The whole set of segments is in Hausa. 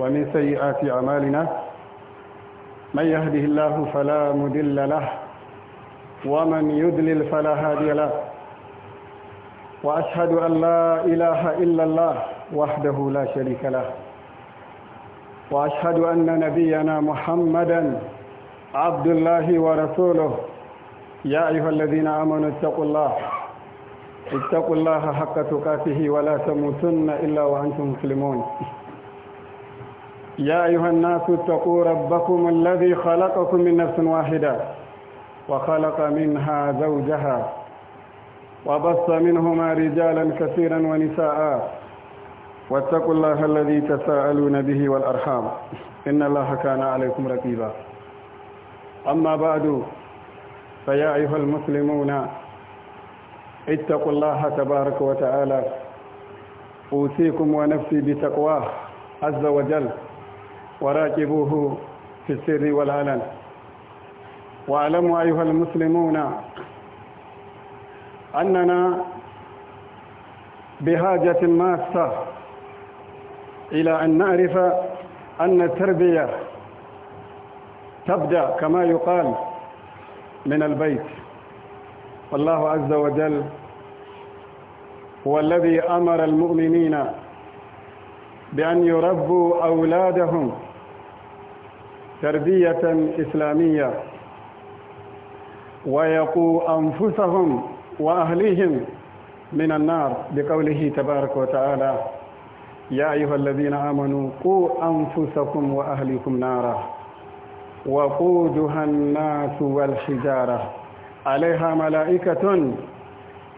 ومن سيئات أعمالنا من يهده الله فلا مدل له ومن يدلل فلا هادي له وأشهد أن لا إله إلا الله وحده لا شريك له وأشهد أن نبينا محمدا عبد الله ورسوله يا أيها الذين آمنوا اتقوا الله اتقوا الله حق تقاته ولا تموتن إلا وأنتم مسلمون يا أيها الناس اتقوا ربكم الذي خلقكم من نفس واحدة وخلق منها زوجها وبص منهما رجالا كثيرا ونساء واتقوا الله الذي تساءلون به والأرحام إن الله كان عليكم رقيبا أما بعد فيا أيها المسلمون اتقوا الله تبارك وتعالى أوصيكم ونفسي بتقواه عز وجل وراكبوه في السر والعلن واعلموا أيها المسلمون أننا بحاجة ماسة إلى أن نعرف أن التربية تبدأ كما يقال من البيت والله عز وجل هو الذي أمر المؤمنين بأن يربوا أولادهم تربية إسلامية ويقوا أنفسهم وأهليهم من النار بقوله تبارك وتعالى يا أيها الذين آمنوا قوا أنفسكم وأهلكم نارا وقودها الناس والحجارة عليها ملائكة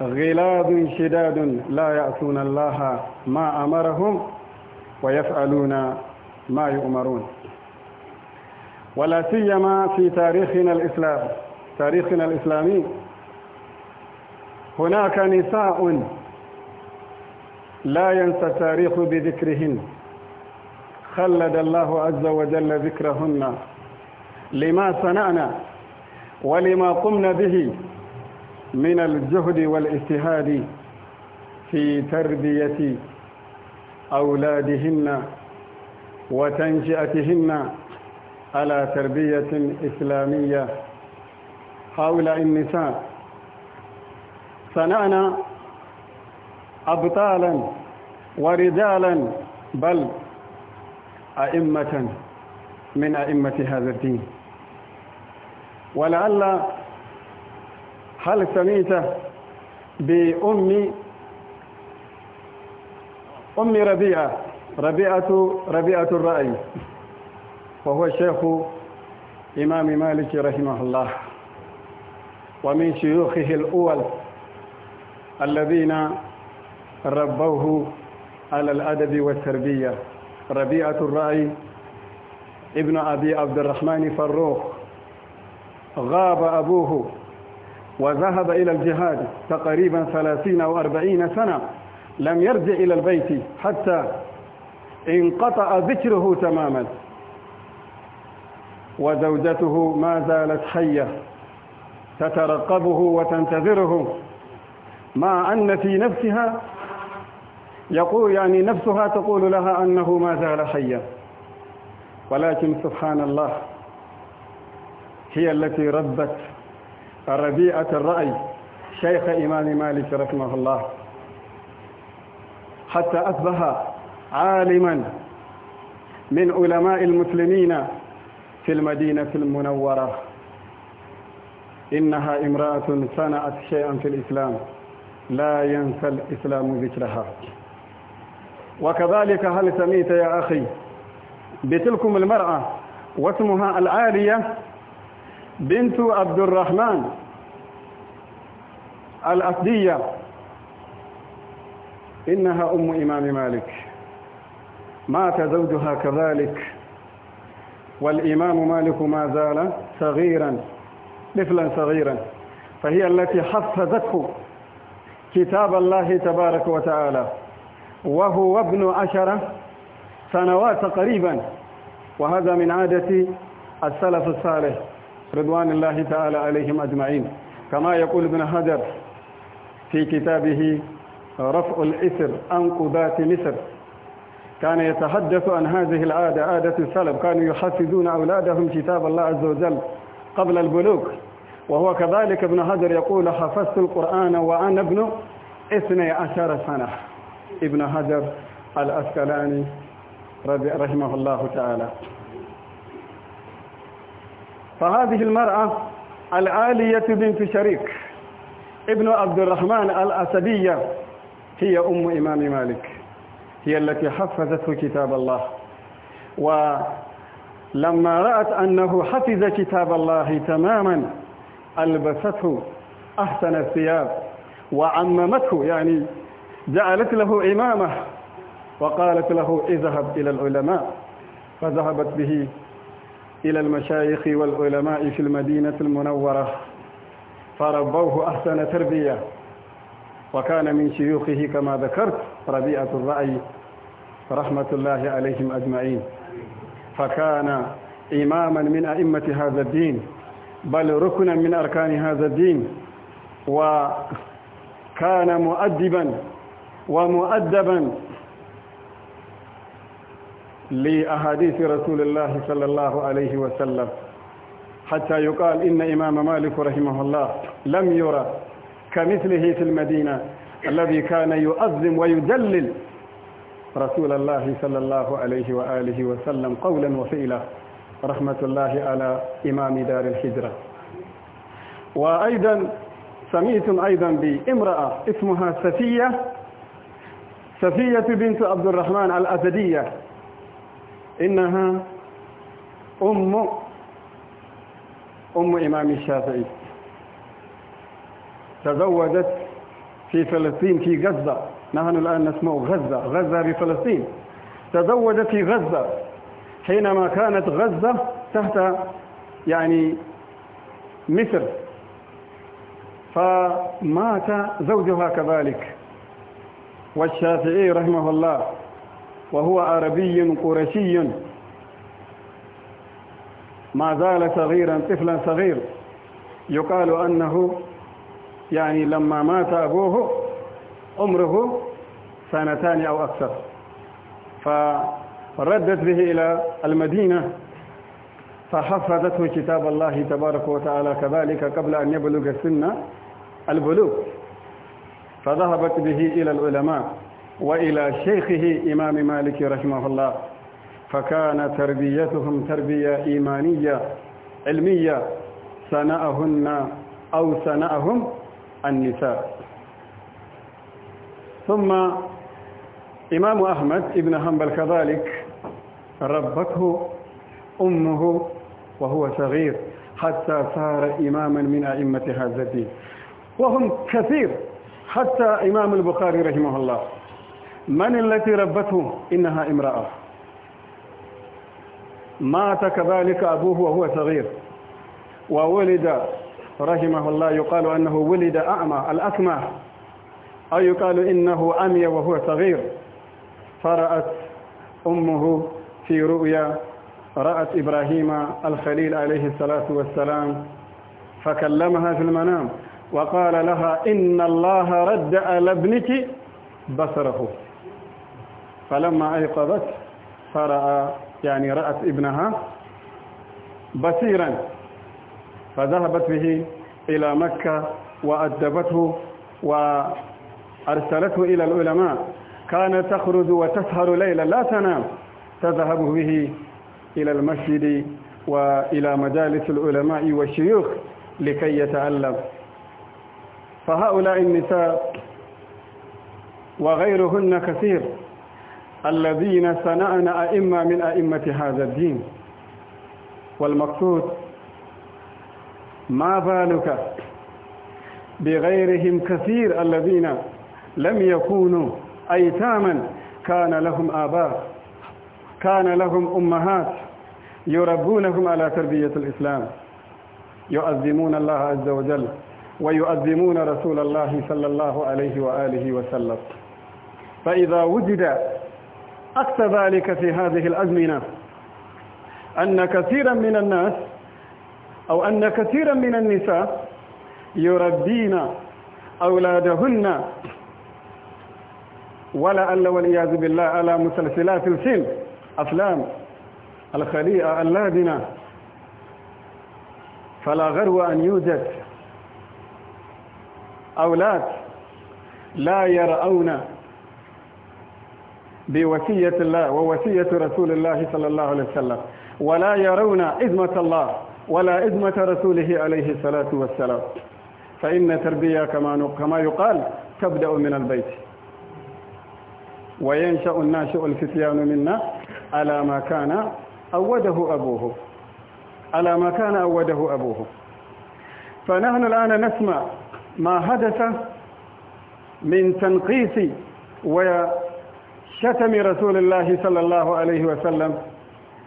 غلاظ شداد لا يأتون الله ما أمرهم ويفعلون ما يؤمرون ولا سيما في تاريخنا الإسلام تاريخنا الإسلامي هناك نساء لا ينسى التاريخ بذكرهن خلد الله عز وجل ذكرهن لما صنعنا ولما قمنا به من الجهد والاجتهاد في تربية أولادهن وتنشئتهن على تربية إسلامية هؤلاء النساء صنعنا أبطالا ورجالا بل أئمة من أئمة هذا الدين ولعل هل سميت بأم أم ربيعة ربيعة ربيعة الرأي وهو شيخ إمام مالك رحمه الله ومن شيوخه الأول الذين ربوه على الأدب والتربية ربيعة الرأي ابن أبي عبد الرحمن فروخ غاب أبوه وذهب إلى الجهاد تقريبا ثلاثين أو أربعين سنة لم يرجع إلى البيت حتى انقطع ذكره تماما وزوجته ما زالت حية تترقبه وتنتظره مع أن في نفسها يقول يعني نفسها تقول لها أنه ما زال حيا ولكن سبحان الله هي التي ربت ربيعة الرأي شيخ إمام مالك رحمه الله حتى أصبح عالما من علماء المسلمين في المدينة المنورة إنها امرأة صنعت شيئا في الإسلام لا ينسى الإسلام ذكرها وكذلك هل سميت يا أخي بتلكم المرأة واسمها العالية بنت عبد الرحمن الأسدية إنها أم إمام مالك مات زوجها كذلك والإمام مالك ما زال صغيرا طفلا صغيرا فهي التي حفظته كتاب الله تبارك وتعالى وهو ابن عشر سنوات قريبا وهذا من عادة السلف الصالح رضوان الله تعالى عليهم أجمعين كما يقول ابن حجر في كتابه رفع الإسر أنقذات مصر كان يتحدث عن هذه العادة عادة السلف كانوا يحفزون أولادهم كتاب الله عز وجل قبل البلوغ وهو كذلك ابن حجر يقول حفظت القرآن وأنا ابن اثني عشر سنة ابن حجر الأسكلاني رحمه الله تعالى فهذه المرأة العالية بنت شريك ابن عبد الرحمن الأسدية هي أم إمام مالك هي التي حفظته كتاب الله ولما رأت أنه حفظ كتاب الله تماما ألبسته أحسن الثياب وعممته يعني جعلت له إمامة وقالت له اذهب إلى العلماء فذهبت به إلى المشايخ والعلماء في المدينة المنورة فربوه أحسن تربية وكان من شيوخه كما ذكرت ربيعة الرأي رحمة الله عليهم أجمعين فكان إماما من أئمة هذا الدين بل ركنا من أركان هذا الدين وكان مؤدبا ومؤدبا لأحاديث رسول الله صلى الله عليه وسلم حتى يقال إن إمام مالك رحمه الله لم يرى كمثله في المدينة الذي كان يؤذم ويدلل رسول الله صلى الله عليه وآله وسلم قولا وفعلا رحمة الله على إمام دار الحجرة وأيضا سميت أيضا بامرأة اسمها سفية سفية بنت عبد الرحمن الأسدية إنها أم أم إمام الشافعي تزوجت في فلسطين في غزة نحن الآن نسمع غزة غزة بفلسطين تزوجت في غزة حينما كانت غزة تحت يعني مصر فمات زوجها كذلك والشافعي رحمه الله وهو عربي قرشي ما زال صغيرا طفلا صغير يقال أنه يعني لما مات أبوه عمره سنتان أو أكثر فردت به إلى المدينة فحفظته كتاب الله تبارك وتعالى كذلك قبل أن يبلغ سن البلوغ فذهبت به إلى العلماء وإلى شيخه إمام مالك رحمه الله فكان تربيتهم تربية إيمانية علمية سنأهن أو سنأهم النساء ثم إمام أحمد ابن حنبل كذلك ربته أمه وهو صغير حتى صار إماما من أئمة هذا الدين وهم كثير حتى إمام البخاري رحمه الله من التي ربته إنها امرأة مات كذلك أبوه وهو صغير وولد رحمه الله يقال أنه ولد أعمى الأكمى أو يقال إنه أمي وهو صغير فرأت أمه في رؤيا رأت إبراهيم الخليل عليه الصلاة والسلام فكلمها في المنام وقال لها إن الله رد على ابنك بصره فلما أيقظت فرأى يعني رأت ابنها بصيرا فذهبت به إلى مكة وأدبته وأرسلته إلى العلماء كان تخرج وتسهر ليلا لا تنام تذهب به إلى المسجد وإلى مجالس العلماء والشيوخ لكي يتعلم فهؤلاء النساء وغيرهن كثير الذين سنأنا أئمة من أئمة هذا الدين والمقصود ما بالك بغيرهم كثير الذين لم يكونوا أيتاما كان لهم آباء كان لهم أمهات يربونهم على تربية الإسلام يؤذمون الله عز وجل ويؤذمون رسول الله صلى الله عليه وآله وسلم فإذا وجد أكثر ذلك في هذه الأزمنة أن كثيرا من الناس أو أن كثيرا من النساء يربين أولادهن ولا ألا والعياذ بالله على مسلسلات الفيلم أفلام الخليئة اللادنة فلا غرو أن يوجد أولاد لا يرأون بوسية الله ووسية رسول الله صلى الله عليه وسلم ولا يرون إذمة الله ولا إذمة رسوله عليه الصلاة والسلام فإن تربية كما كما يقال تبدأ من البيت وينشأ الناشئ الفتيان منا على ما كان أوده أبوه على ما كان أوده أبوه فنحن الآن نسمع ما حدث من تنقيص وشتم رسول الله صلى الله عليه وسلم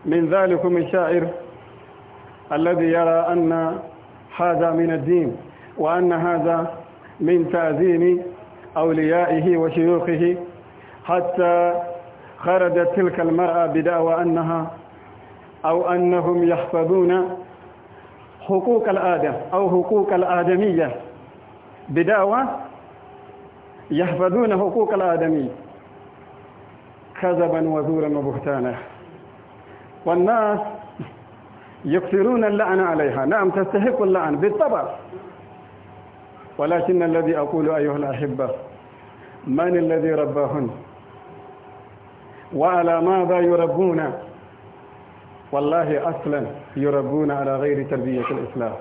من ذلكم الشاعر الذي يرى أن هذا من الدين وأن هذا من تأذين أوليائه وشيوخه حتى خرجت تلك المرأة بدعوى أنها أو أنهم يحفظون حقوق الآدم أو حقوق الآدمية بدعوى يحفظون حقوق الآدمي كذبا وزورا وبهتانا والناس يكثرون اللعن عليها نعم تستحق اللعن بالطبع ولكن الذي أقول أيها الأحبة من الذي رباهن وعلى ماذا يربون والله أصلا يربون على غير تربية الإسلام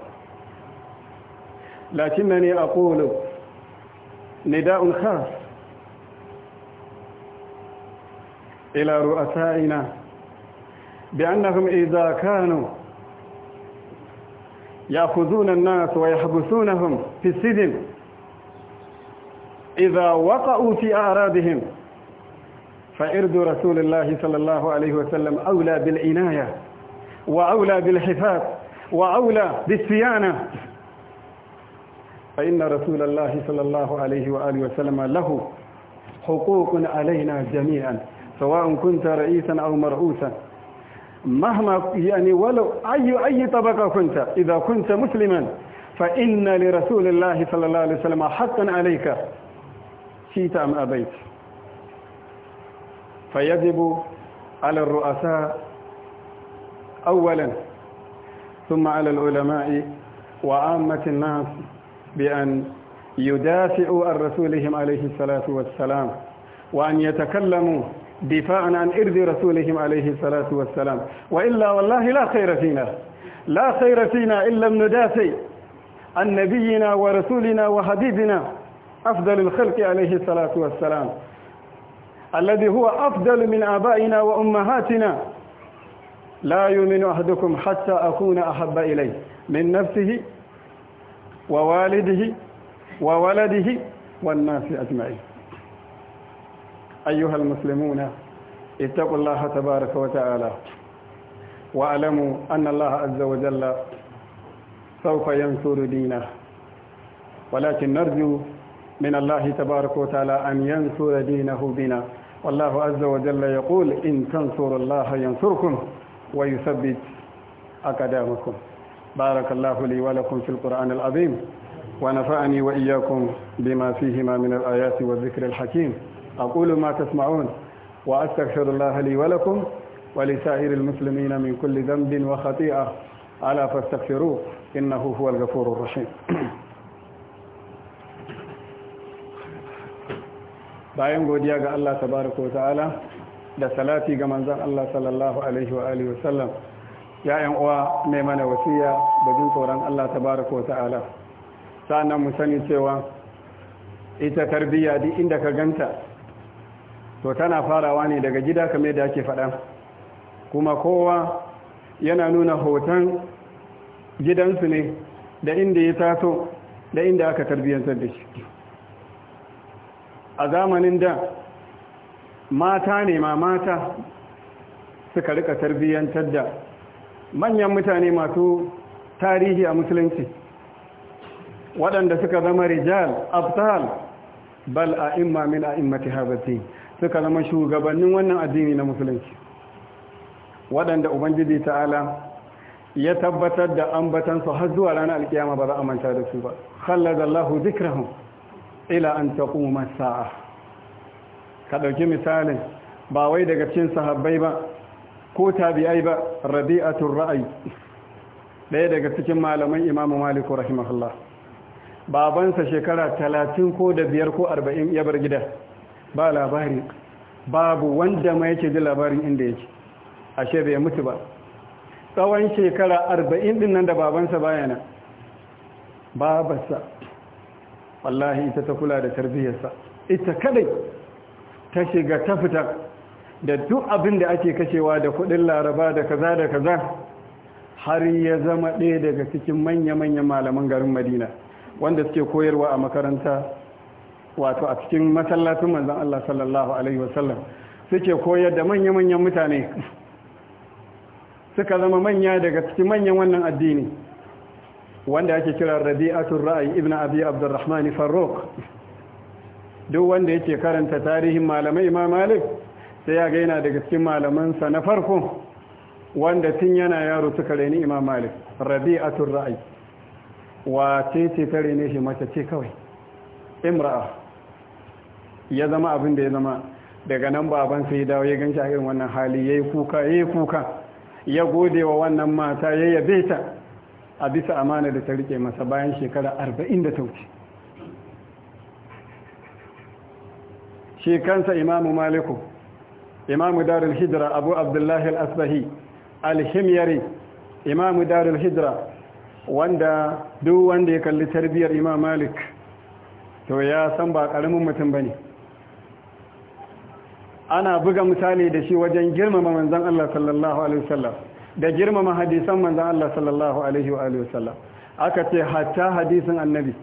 لكنني أقول نداء خاص إلى رؤسائنا بأنهم إذا كانوا يأخذون الناس ويحبسونهم في السجن إذا وقعوا في أعراضهم فإرد رسول الله صلى الله عليه وسلم أولى بالعناية وأولى بالحفاظ وأولى بالصيانة فإن رسول الله صلى الله عليه وآله وسلم له حقوق علينا جميعا سواء كنت رئيسا أو مرؤوسا مهما يعني ولو أي أي طبقة كنت إذا كنت مسلما فإن لرسول الله صلى الله عليه وسلم حقا عليك شئت أم أبيت فيجب على الرؤساء أولا ثم على العلماء وعامة الناس بأن يدافعوا عن رسولهم عليه الصلاة والسلام وأن يتكلموا دفاعا عن إرض رسولهم عليه الصلاة والسلام وإلا والله لا خير فينا لا خير فينا إن لم ندافع عن نبينا ورسولنا وحبيبنا أفضل الخلق عليه الصلاة والسلام الذي هو أفضل من آبائنا وأمهاتنا لا يؤمن أحدكم حتى أكون أحب إليه من نفسه ووالده وولده والناس أجمعين أيها المسلمون اتقوا الله تبارك وتعالى واعلموا أن الله عز وجل سوف ينصر دينه ولكن نرجو من الله تبارك وتعالى أن ينصر دينه بنا والله عز وجل يقول إن تنصروا الله ينصركم ويثبت أقدامكم بارك الله لي ولكم في القرآن العظيم ونفعني وإياكم بما فيهما من الآيات والذكر الحكيم أقول ما تسمعون وأستغفر الله لي ولكم ولسائر المسلمين من كل ذنب وخطيئة ألا فاستغفروه إنه هو الغفور الرحيم bayan godiya ga Allah tabaraka wa ta'ala da salati ga manzon Allah sallallahu alaihi wa alihi wasallam ya yan uwa mai mana wasiya da jin tsoron Allah tabaraka wa ta'ala sannan mu sani cewa ita tarbiyya duk inda ka ganta to tana farawa ne daga gida kamar da ake faɗa kuma kowa yana nuna hoton gidansu ne da inda ya taso da inda aka tarbiyyantar da shi a zamanin da mata ne ma mata suka rika tarbiyyantar da manyan mutane masu tarihi a musulunci waɗanda suka zama rijal abtal bal a imma min a immati habatin suka zama shugabannin wannan addini na musulunci waɗanda ubangiji ta'ala ya tabbatar da ambatansu har zuwa ranar alkiyama ba za a manta da su ba khallada Allahu zikrahum ila an taquma sa'a ka dauki misalin ba wai daga cikin sahabbai ba ko tabi'ai ba rabi'atul ra'i daya daga cikin malaman Imamu Maliku rahimahullah babansa shekara 30 ko da biyar ko 40 ya bar gida ba labari babu wanda ma yake ji labarin inda yake ashe bai mutu ba tsawon shekara arba'in din nan da babansa bayana nan babarsa wallahi ita ta kula da tarbiyyarsa ita kadai ta shiga ta fita da duk abin da ake kashewa da kudin laraba da kaza da kaza har ya zama ɗaya daga cikin manya-manyan malaman garin madina wanda suke koyarwa a makaranta wato a cikin masallacin manzon Allah sallallahu alaihi wasallam suke koyar da manya-manyan mutane suka zama manya daga cikin manyan wannan addini wanda ake kira rabi'atul ra'ayi ibn abi abdurrahman farruq duk wanda yake karanta tarihin malamai imam malik sai ya ga yana daga cikin malamansa na farko wanda tun yana yaro suka rene imam malik rabi'atul ra'ayi wace ce ta ne shi mace ce kawai imra'a ya zama abin da ya zama daga nan baban sai dawo ya gan a irin wannan hali ya yi kuka ya yi kuka ya gode wa wannan mata ya yabe ta a bisa amana da ta rike masa bayan shekara arba'in da ta wuce shi kansa imamu maliku imamu darul hijira abu abdullahi al-asbahi alhimyari imamu darul hijira wanda duk wanda ya kalli tarbiyar imam malik to ya san ba karamin mutum ba ne. ana buga misali da shi wajen girmama manzan Allah sallallahu alaihi wasallam da girmama hadisan manzan Allah sallallahu alaihi wa wasallam aka ce hatta hadisin annabi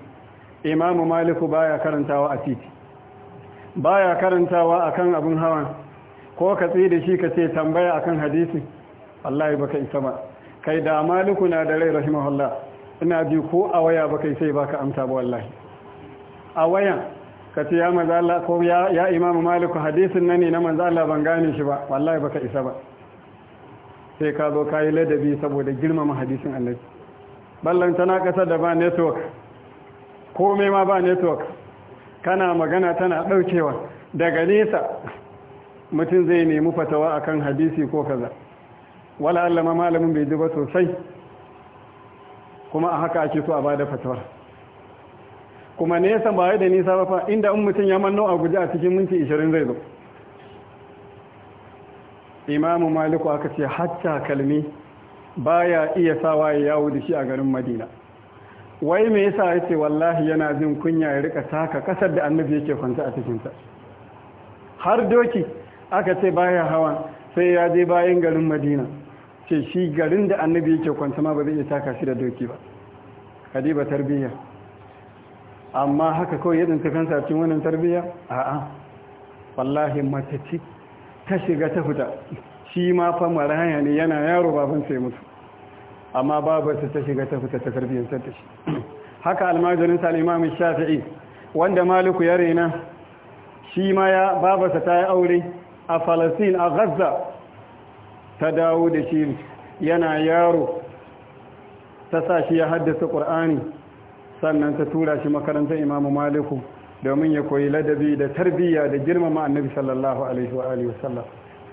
imamu maliku baya karantawa a titi baya karantawa a kan abun hawa ko ka tsaye da shi ka ce tambaya akan hadisi wallahi baka isa ba kai da maliku na da rai rahimahullah ina ji ko a waya baka sai baka amsa ba wallahi a wayan ka ce ya manzo Allah ko ya imamu maliku hadisin nan ne na manzo Allah ban gane shi ba wallahi baka isa ba sai ka zo kayi ladabi saboda girmama hadisin Allah ballan tana kasa da ba network komai ma ba network kana magana tana daukewa daga nesa mutum zai nemi fatawa akan hadisi ko kaza wala allama malamin bai ji ba sosai kuma a haka ake so a bada fatawa kuma nesa ba da nisa ba fa inda in mutum ya manno a guje a cikin minti 20 zai zo imamu maliku aka ce hatta kalmi baya iya sawa ya yawo da shi a garin madina wai me yasa yace wallahi yana jin kunya ya rika taka kasar da annabi yake kwanta a cikin ta har doki aka ce baya hawa sai ya je bayan garin madina ce shi garin da annabi yake kwanta ma ba zai iya taka shi da doki ba hadiba tarbiyya amma haka kawai yadda ta kansa cikin wannan tarbiyya a'a wallahi matacci ta shiga ta fita shi ma fa hanya ne yana yaro baban sai mutu amma babarsa ta shiga ta fita ta tarbiyyantar da shi haka almajirin sa shafi'i wanda maliku ya rena shi ma ya babarsa ta yi aure a falasin a gaza ta dawo da shi yana yaro ta sa shi ya haddasa ƙur'ani sannan ta tura shi makarantar imamu maliku domin ya koyi ladabi da tarbiyya da girmama annabi sallallahu alaihi wa alihi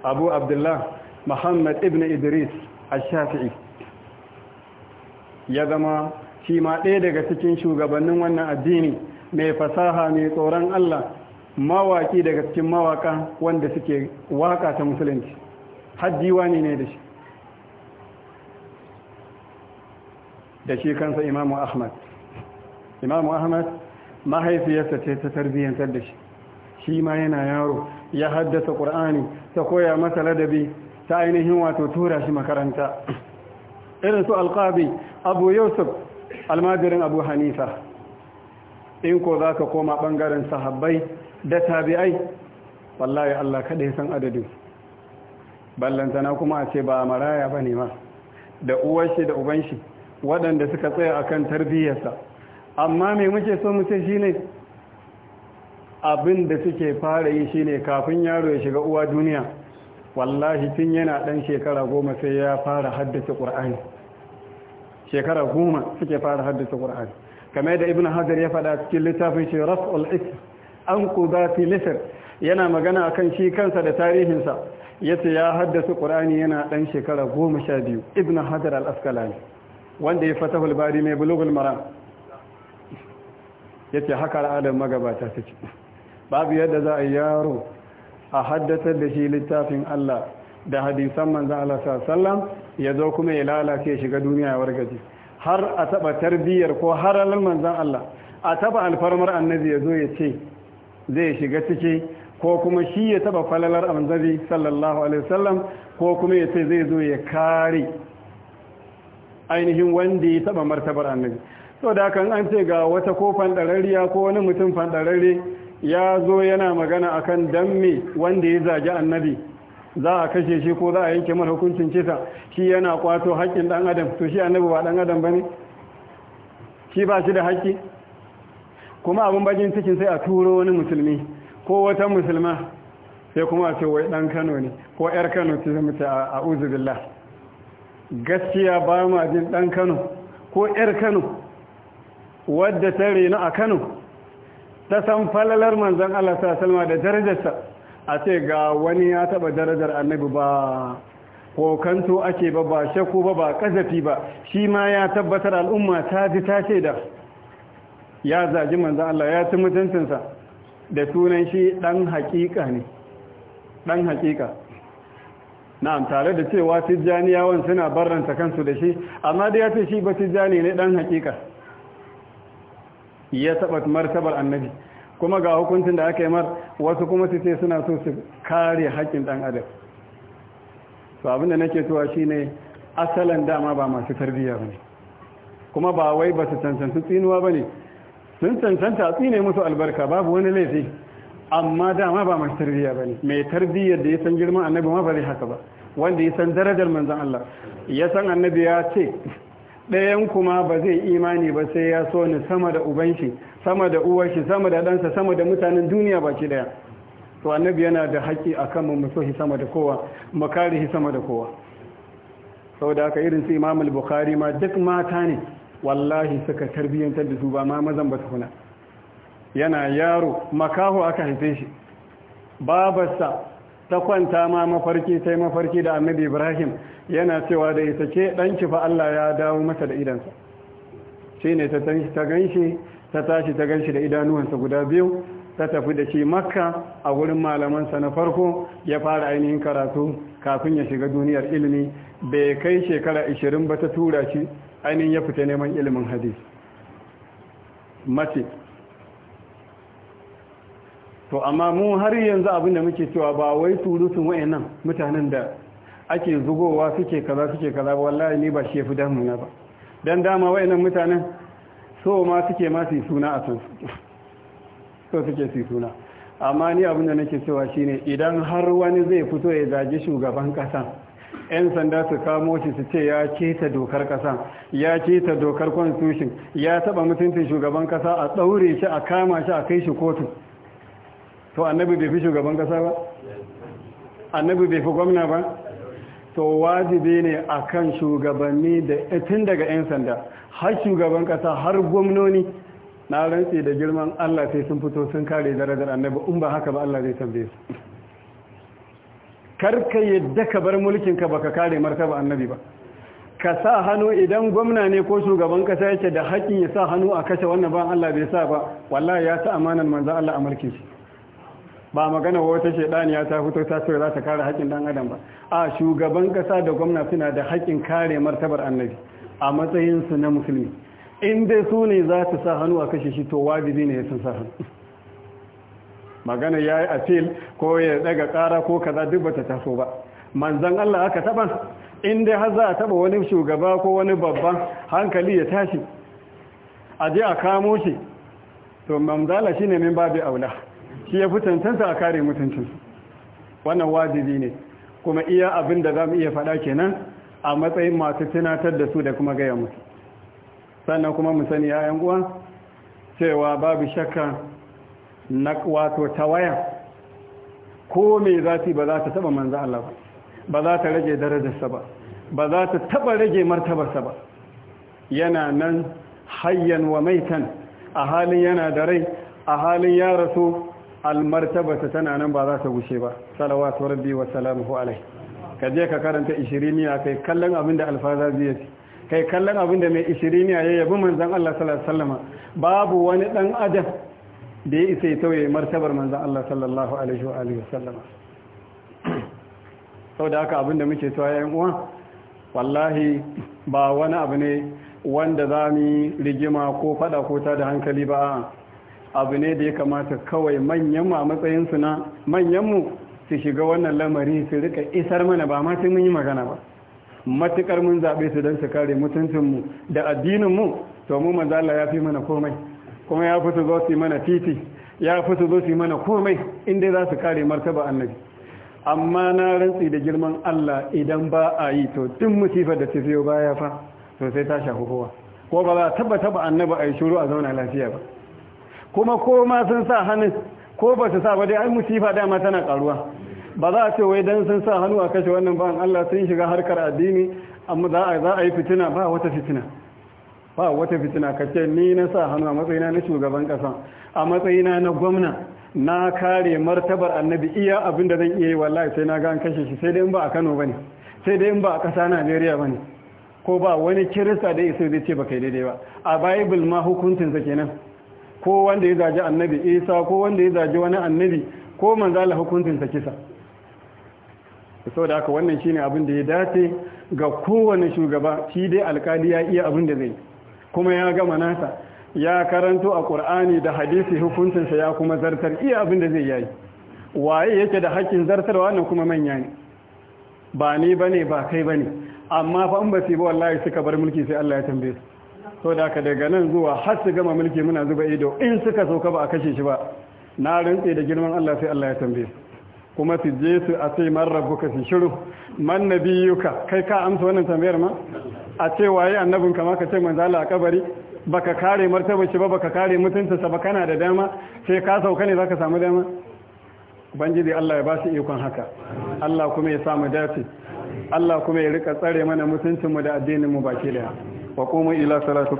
abu abdullah muhammad ibn idris ash-shafi'i ya zama shi ma ɗaya daga cikin shugabannin wannan addini mai fasaha mai tsoron allah mawaki daga cikin mawaka wanda suke waka ta musulunci hajjiwa ne da shi da shi kansa imamu ahmad imamu ahmad mahaifiyarsa ce ta tarbiyyantar da shi shi ma yana yaro ya haddasa ƙur'ani ta koya masa ladabi ta ainihin wato tura shi makaranta irin su alƙabi abu yusuf almajirin abu hanifa in ko za ka koma ɓangaren sahabbai da tabi'ai wallahi allah kaɗai san adadin ballantana kuma a ce ba maraya ba ne ma da uwanshi da ubanshi waɗanda suka tsaya kan tarbiyyarsa amma mai muke so mu ce shine abin da suke fara yi shine kafin yaro ya shiga uwa duniya wallahi tun yana dan shekara goma sai ya fara haddace qur'ani shekara goma suke fara haddace qur'ani kamar da ibnu hajar ya fada cikin littafin shi raf'ul ism an fi yana magana akan shi kansa da tarihinsa yace ya haddace qur'ani yana ɗan shekara goma sha biyu Ibn hajar al-asqalani wanda ya fatahul bari mai bulugul maram Ya ce haka al'adar magabata ta ce babu yadda za a yaro a haddatar da shi littafin Allah da hadisan manzan Allah sallam ya zo kuma ya lalace ya shiga duniya ya wargaje har a taba tarbiyyar ko haralar manzan Allah a taba alfarmar annabi ya zo ya ce zai shiga ciki ko kuma shi ya taba falalar annabi sallallahu alaihi wasallam ko kuma ya ce zai zo ya kare ainihin wanda ya taba martabar annabi so da kan an ce ga wata ko fandarariya ko wani mutum fandararre ya zo yana magana akan dan me wanda ya zagi annabi za a kashe shi ko za a yanke mara hukuncin cisa shi yana kwato haƙƙin ɗan adam to shi annabi ba ɗan adam ba ne shi ba shi da haƙƙi kuma abin bakin cikin sai a turo wani musulmi ko wata musulma sai kuma a ce wai dan Kano ne ko yar Kano ce zama ce a uzubillah gaskiya ba ma jin dan Kano ko yar Kano wadda ta rena a kano ta san falalar manzan Allah ta salma da darajarsa a ce ga wani ya taba darajar annabi ba kokanto ake ba ba shakku ba ba kazafi ba shi ma ya tabbatar al'umma ta ji ta ce da. ya zaji manzan Allah ya ci mutuncinsa da sunan shi dan hakika ne dan hakika na'am tare da cewa tijjaniyawan suna barranta kansu da shi amma da ya ce shi ba tijjani ne dan hakika ya taɓa martabar annabi kuma ga hukuncin da aka yi mar wasu kuma su ce suna so su kare haƙƙin ɗan adam su abin da nake shi ne asalin dama ba masu tarbiyya ba ne kuma ba wai ba su cancanci tsinuwa ne sun cancanta a tsine musu albarka babu wani laifi amma dama ba masu tarbiyya ba ne mai tarbiyyar da ya san girman annabi ma ba zai haka ba wanda ya san darajar manzan Allah ya san annabi ya ce ɗayan kuma ba zai imani ba sai ya so ni sama da ubanshi sama da uwarshi sama da ɗansa sama da mutanen duniya baki ɗaya to annabi yana da haƙƙi akan kan mu so shi sama da kowa mu kare sama da kowa saboda haka irin su imam al-bukhari ma duk mata ne wallahi suka tarbiyyantar da su ba ma mazan ba tukuna yana yaro makaho aka haife shi babarsa ta kwanta ma mafarki sai mafarki da annabi ibrahim yana cewa da ita ce ɗanki fa allah ya dawo masa da idansa shi ne ta ganshi ta tashi ta ganshi da idanuwansa guda biyu ta tafi da shi makka a wurin malamansa na farko ya fara ainihin karatu kafin ya shiga duniyar ilimi bai kai shekara 20 ba ta tura shi ainihin ya fita neman ilimin hadisi mace to amma mu har yanzu abin da muke cewa ba wai turusun wayannan mutanen da ake zugowa suke kaza suke kaza wallahi ni ba shi yafi damuna ba dan dama wayannan mutanen so ma suke ma su suna a so so suke su suna amma ni abin da nake cewa shine idan har wani zai fito ya zagi shugaban kasa yan sanda su kamo shi su ce ya ta dokar kasa ya ta dokar constitution ya taba mutuntun shugaban kasa a daure shi a kama shi a kai shi kotu to annabi bai fi shugaban kasa ba annabi bai fi gwamna ba to wajibi ne akan shugabanni da eh, tun daga 'yan sanda har shugaban kasa har gwamnoni na rantse da girman Allah sai sun fito sun kare darajar annabi in ba haka ba Allah zai tambaye su karka yadda ka bar mulkin ka baka kare martaba annabi ba ka sa hannu idan gwamna ne ko shugaban kasa yake da haƙin ya sa hannu a kashe wannan ba Allah bai sa ba wallahi ya ta amanan manzo Allah a mulkin shi ba magana wata shaidaniya ta fito ta so za ta kare haƙƙin dan adam ba a shugaban ƙasa da gwamna suna da haƙƙin kare martabar annabi a matsayinsu na musulmi in dai su ne za ta sa hannu a kashe shi to wajibi ne ya sun sa hannu magana ya yi afil ko ya daga ƙara ko kaza duk bata taso ba manzan Allah aka taba in dai har za a taba wani shugaba ko wani babban hankali ya tashi a je a kamo shi to mamzala shine min babu aula shi ya fi cancanta a kare mutuncinsu wannan wajibi ne kuma iya abin da za mu iya faɗa kenan a matsayin masu tunatar da su da kuma gaya musu sannan kuma mu sani yayan uwa cewa babu shakka na wato waya ko mai zafi ba za ta taba Allah ba ba za ta rage darajarsa ba ba za ta taba rage martabarsa ba yana nan hayyan wa maitan a halin yana da rai a halin ya rasu ta tana nan ba za ta gushe ba salawatu rabbi wa salamuhu alai ka je ka karanta ishiriniya kai kallon abin da alfaza biya kai kallon abin da mai ishiriniya ya yabi manzon Allah sallallahu alaihi wasallam babu wani dan adam da ya isa ya tauye martabar manzon Allah sallallahu alaihi wa alihi wasallam da haka abin da muke cewa yan uwa wallahi ba wani abu ne wanda za mu rigima ko fada ko ta da hankali ba a'a abu ne da ya kamata kawai manyanmu a matsayinsu na manyanmu su shiga wannan lamari su rika isar mana ba ma sai yi magana ba matukar mun zaɓe su don su kare mutuncinmu da addininmu to mu Allah ya fi mana komai kuma ya fi zo su mana titi ya fi zo su mana komai inda za su kare martaba annabi amma na rantsi da girman Allah idan ba a yi to duk musibar da ta baya fa to sai ta shafi kowa ko ba za a taba taba annabi a yi shuru a zauna lafiya ba kuma ko ma sun sa hannun ko ba su sa ba dai an musifa dama tana karuwa ba za a ce wai dan sun sa hannu a kashe wannan ba, Allah sun shiga harkar addini amma za a yi fitina ba wata fitina ba wata fitina kace ni na sa hannu a matsayina na shugaban kasa a matsayina na gwamna na kare martabar annabi iya abinda zan iya yi wallahi sai na ga an kashe shi sai dai in ba a Kano bane sai dai in ba a kasa Najeriya bane ko ba wani kirista da isa zai ce ba kai daidai ba a bible ma hukuncin sa kenan ko wanda ya zaji annabi isa ko wanda ya zaji wani annabi ko manzala hukuncinsa kisa saboda haka wannan shine abin da ya dace ga kowane shugaba shi dai alkali ya iya abin da zai kuma ya gama nasa ya karanto a qur'ani da hadisi hukuncinsa ya kuma zartar iya abin da zai yayi waye yake da hakkin zartarwa wannan kuma manya ne ba ni bane ba kai bane amma fa in ba ba wallahi suka bar mulki sai Allah ya tambaye su so da aka daga nan zuwa har su gama mulki muna zuba ido in suka sauka ba a kashe shi ba na rantse da girman Allah sai Allah ya tambaye kuma su je su a ce man rabbuka su shiru man nabiyuka kai ka amsa wannan tambayar ma a ce waye annabin kama ka ce manzo Allah a kabari baka kare martaba shi ba baka kare mutunta sa ba kana da dama sai ka sauka ne zaka samu dama ubangiji Allah ya ba shi ikon haka Allah kuma ya samu dace Allah kuma ya rika tsare mana mu da addinin mu baki daya wa qumu ila salatikum